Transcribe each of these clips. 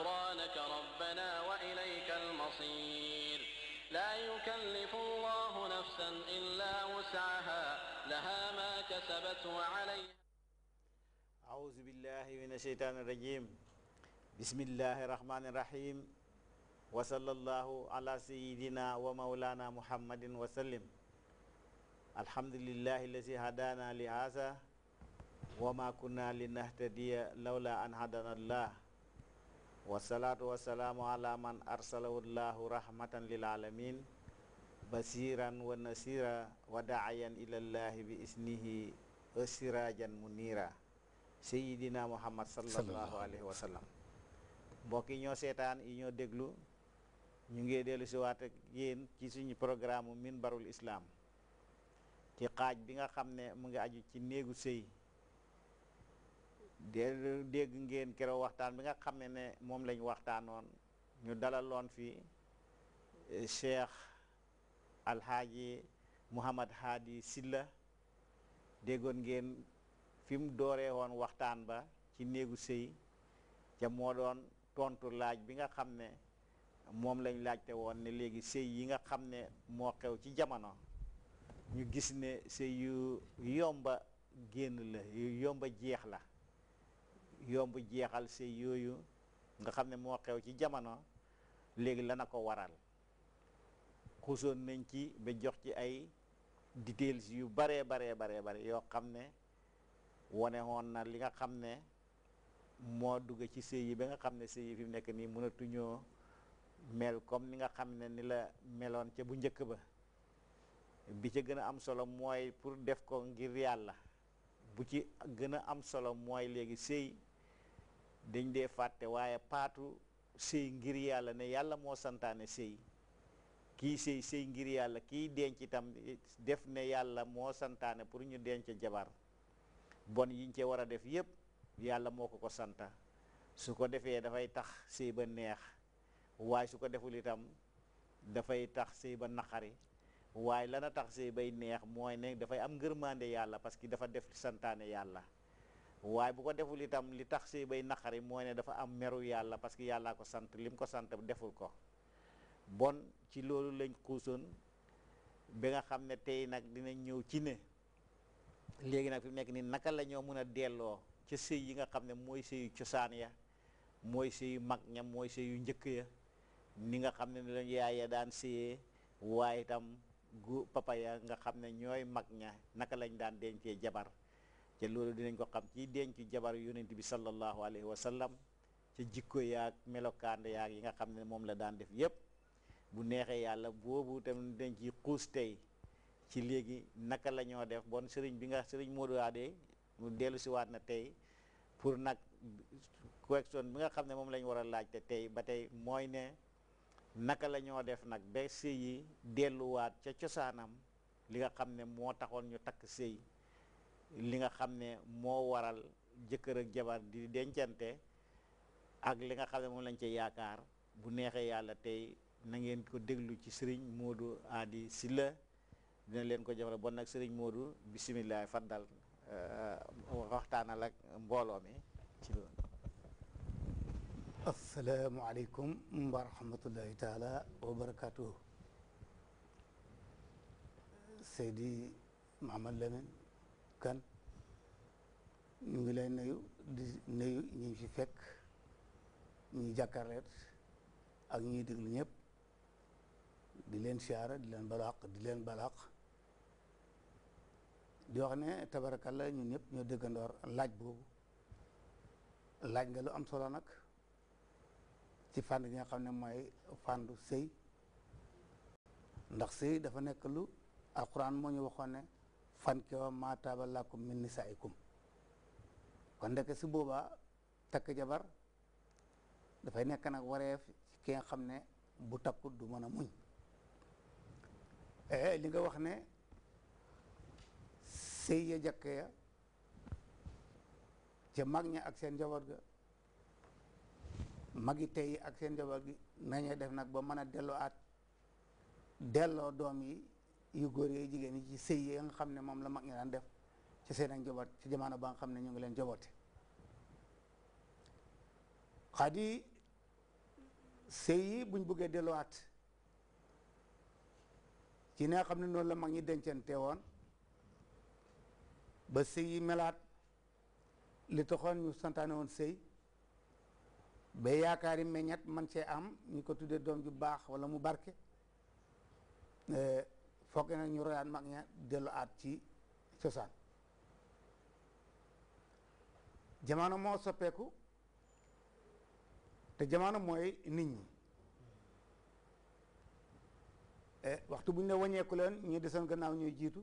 غفرانك ربنا وإليك المصير لا يكلف الله نفسا إلا وسعها لها ما كسبت وعليها أعوذ بالله من الشيطان الرجيم بسم الله الرحمن الرحيم وصلى الله على سيدنا ومولانا محمد وسلم الحمد لله الذي هدانا لهذا وما كنا لنهتدي لولا أن هدانا الله wasalaatu wasalaamu ala man arsalahu llahu rahmatan lil alamin basiran wa nasira wa daayan ilallahi bi isnihi sirajan munira sayidina muhammad sallallahu alayhi wa sallam mbokk yi ñoo seetaan yi ñoo déglu ñu ngi dellu si waat ak ci suñu programme min barul islaam ci xaaj bi nga xam ne mu ngi aju ci néegu sëy dégg ngeen keroog waxtaan bi nga xam ne ne moom lañu waxtaanoon ñu dalaloon fi eh, cheikh alhaaji Mouhamad Hadi Silla déggoon ngeen fi mu dooree woon waxtaan ba ci néegu sëy ca moo doon tontu laaj bi nga xam ne moom lañ laajte woon ne léegi sëy yi nga xam ne moo xew ci jamono ñu gis ne sëy yu yomba génn la yu yomba jeex la yomb jeexal sëy yooyu nga xam ne moo xew ci jamono léegi lana ko waral xusoon nañ ci ba jox ci ay details yu baree baree baree bare yoo xam ne wane woon na li nga xam ne moo dugg ci sëy yi ba nga xam ne sëy yi fi mu nekk nii mënatuñoo mel comme ni nga xam ne ni la meloon ca bu njëkk ba bi ca gën a am solo mooy pour def ko ngir yàlla bu ci gën a am solo mooy léegi sëy dañ dee fàtte waaye paatu sëy ngir yàlla ne yàlla moo santaane sëy kii sëy sëy ngir yàlla kii denc itam def ne yàlla moo santaane pour ñu denc jabar bon yiñ ci war a def yépp yàlla moo ko ko santa su ko defee dafay tax sëy ba neex waaye su ko deful itam dafay tax sëy ba naqari waaye lana tax sëy bay neex mooy ne dafay am ngërmaande yàlla parce que dafa def santaane yàlla waye bu ko deful itam li tax ci bay nakari mooy ne dafa am meru yalla parce que yalla ko sante lim ko sante deful ko bon ci loolu lañ xuusoon be nga xamne tay nak dina ñew ci ne legi nak fi nek ni naka la ñoo mëna a ci sey yi nga xamne moy sey ci saan ya moy sey mag moy sey yu njëkk ya ni nga xamne ni yaay ya daan sey waye tam gu papa ya nga xamne ñoy mag ña naka lañ daan jabar te loolu dinañ ko xam ci dencu jabar yonent bi sallallahu alayhi wa sallam ci jikko yaag melokaan yaag yi nga xam ne moom la daan def yépp bu neexee yàlla boobu te dañ ciy xuus tey ci léegi naka la def bon sëriñ bi nga sëriñ Modou Adé mu dellu si na tey pour nag question bi nga xam ne moom la ñu war a laajte tey ba tey mooy ne naka la ñoo def nag ba sëy yi delluwaat ca cosaanam li nga xam ne moo taxoon ñu takk sëy li nga xam ne moo waral jëkkër ak jabar di dencante ak li nga xam ne moom lañ ci yaakaar bu neexee yàlla tey na ngeen ko déglu ci sëriñ Moodu Aadi Silla dina leen ko jafale bon nag sëriñ Moodu bisimilah faddal euh, waxtaanal ak mbooloo mi ci loolu asalaamualeykum wa rahmatullahi taala wa barakatuhu Seydi Mahamad Lamin kan ñu ngi lay nuyu di nuyu ñu ngi fi fekk ñu jàkkaarleet ak ñuy déglu ñëpp di leen siyaara di leen balaax di leen balaax di wax ne la ñu ñëpp ñoo déggandoor laaj boobu laaj nga lu am solo nag ci fànn gi nga xam ne mooy fàndu sëy ndax sëy dafa nekk lu alquran moo ñu waxoon ne fanke wa maa taaba lakum min nisaikum kon ndeke si boobaa takk jabar dafay nekk nag wareef ci xam ne bu takkut du mën a muñ eh, li nga wax ne sëy ya jàkke ya ca mag ña ak seen njaboot ga magi tey ak seen njaboot gi nañu def nag ba mën a delloo aat delloo doom yi yu góor yooyu jigéen ñi ci sëy yi nga xam ne moom la mag ñi daan def ci seen ak njaboot ci jamono ba xam ne ñu ngi leen jaboote sëy buñ bëggee delluwaat ci ne xam ne noonu la mag ñi dencante woon ba sëy yi melaat li toxoon ñu santaane woon sëy ba yaakaari meññat man cee am ñu ko tuddee doom ju baax wala mu barke eh, foog nag ñu royaat mag ña at ci ciosan jamono mo soppeku te jamono moy nit ñi eh, waxtu buñ ne wàññeeku leen ñi desoon gannaaw ñoy jitu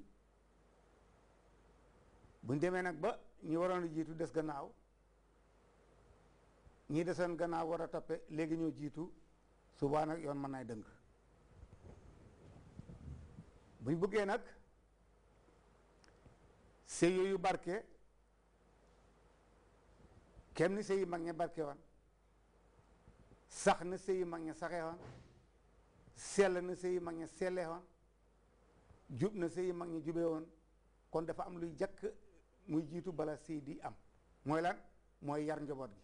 buñ deme nak ba ñi waroon jitu des gannaaw ñi desoon gannaaw wara a legi ñoy jitu jiitu subaa nag yoon buñ bëggee nag sëy yooyu e barke kem ni sëy e yi mag ña barke woon sax na sëy e yi mag ña saxee woon sell na sëy yi mag ña sellee jub na sëy yi mag ña jubee kon dafa am luy jàkk muy jiitu bala sëy di am mooy lan mooy yar njaboot gi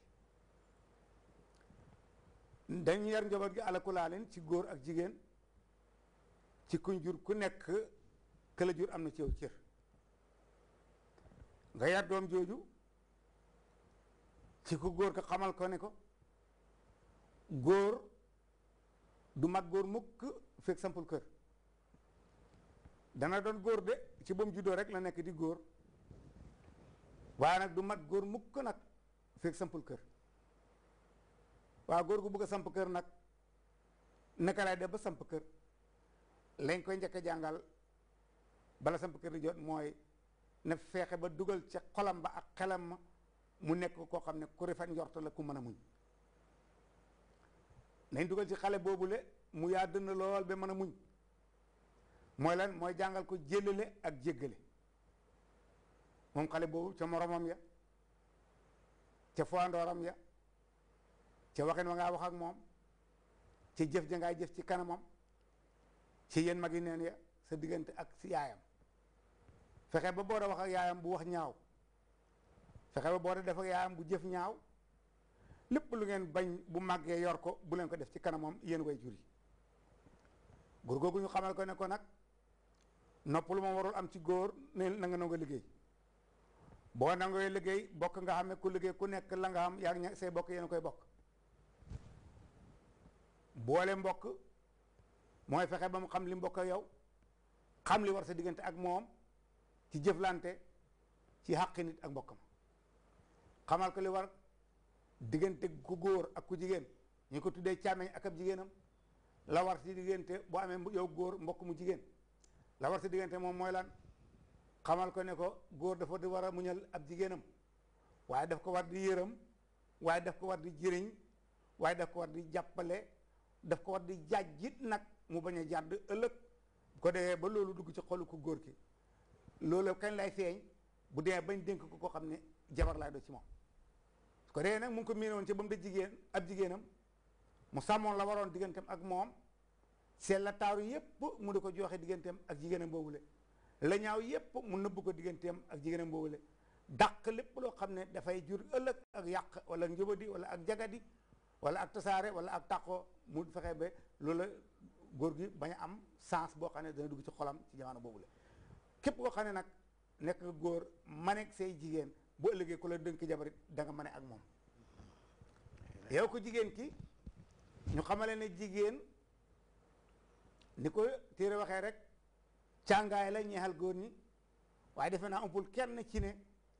dañ yar njaboot gi alakulaalin ci góor ak jigéen ci kuñ jur ku nekk këla am na ci yow nga yar doom jooju ci ku góor ko xamal ko ne ko góor du mag góor mukk fekk sampul kër dana doon góor de ci bom mu juddoo rek la nekk di góor waa nag du mat góor mukk nag fekk sampul kër waa góor gu bëgg a samp kër nag naka laay def ba samp kër lañ koy njëkk jàngal bala samp kër di jot mooy na feexe ba dugal ca xolam ba ak xelam ma mu nekk koo xam ne ku rafet njort la ku mën a muñ nañ dugal ci xale boobule mu yaa dënd lool ba mën a muñ mooy lan mooy jàngal ko jéllale ak jéggale moom xale boobu ca moromam ya ca foandooram ya ca waxin wa ngaa wax ak moom ca jëf ja ngaa jëf ci kanamam ci yeen magi neen ya sa diggante ak ci yaayam fexé ba boora wax ak yaayam bu wax ñaaw fexé ba boora def ak yaayam bu jëf ñaaw lepp lu ngeen bañ bu magge yor ko bu leen ko def ci kanamam yéen way jur ñu xamal ko ne ko nak noppul mo warul am ci gor ne na nga liggey bo na nga liggey bok nga xamé ne ku ku nekk la nga am yaak ngi say bok yeen koy bok boole mbok mooy fexe ba mu xam li mbokk yow xam li war sa diggante ak moom ci jëflante ci xàqi nit ak mbokkam xamal ko li war diggante ku góor ak ku jigéen ñu ko tuddee càmmeñ ak ab jigéenam la war si diggante boo amee yow góor mbokk mu jigéen la war si diggante moom mooy lan xamal ko ne ko góor dafa di war a muñal ab jigéenam waaye daf ko war di yërëm waaye daf ko war di jëriñ waaye daf ko war di jàppale daf ko war di jàjjit nag mu bañ a jàdd ëllëg bu ko defee ba loolu dugg ci xolu ko góor ki loolu kañ lay feeñ bu dee bañ dénk ko koo xam ne jabar laay do ci moom su ko defee nag mu ko miinoon ci ba mu de jigéen ak jigéenam mu sàmmoon la waroon digganteem ak moom seet la taaru yépp mu di ko joxe digganteem ak jigéenam boobule la ñaaw yépp mu nëbb ko digganteem ak jigéenam boobule dàq lépp loo xam ne dafay jur ëllëg ak yàq wala njubadi wala ak jagadi wala ak tasaare wala ak tàqoo mu fexe ba loola Gor gi baña am sens bo xam dana dugg ci xolam ci jamono bobu la kep koo xam nak nek nekk nga góor maneeg say jigen bo ëllëgee ko la dënk jabarit da nga mane ak mom yow ko jigen ki ñu xamalé ne jigen niko téré waxé rek càngaay la ñeexal góor ñi waaye defe na ampul kenn ci né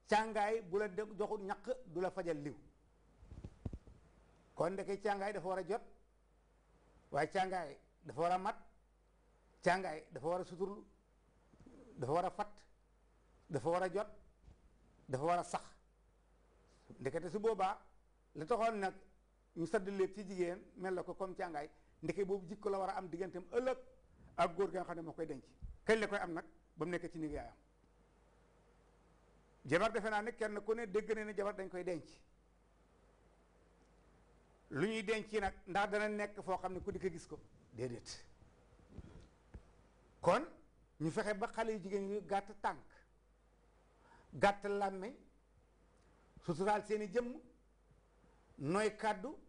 càngaay bu la joxul ñak du la fajal liw kon ndeke càngaay dafa war jot waaye càngaay dafa war a mat càngaay dafa war a suturlu dafa war a fat dafa war a jot dafa war a sax ndekete su boobaa la taxoon nag ñu sadd lépp ci jigéen mel la ko comme càngaay ndeke boobu jikko la war a am digganteem ëllëg ak góor ga nga ne moo koy denc kañ am nag ba mu nekk ci nijaayam jabar defe naa ne kenn ku ne dégg na ne jabar dañ koy denc lu ñuy denc nag ndax dana nekk foo xam ne ku di ko gis ko déedéet kon ñu fexe ba xale yu jigéen yu gàtt tànk gàtt làmme suturaal seeni jëmm nooy kàddu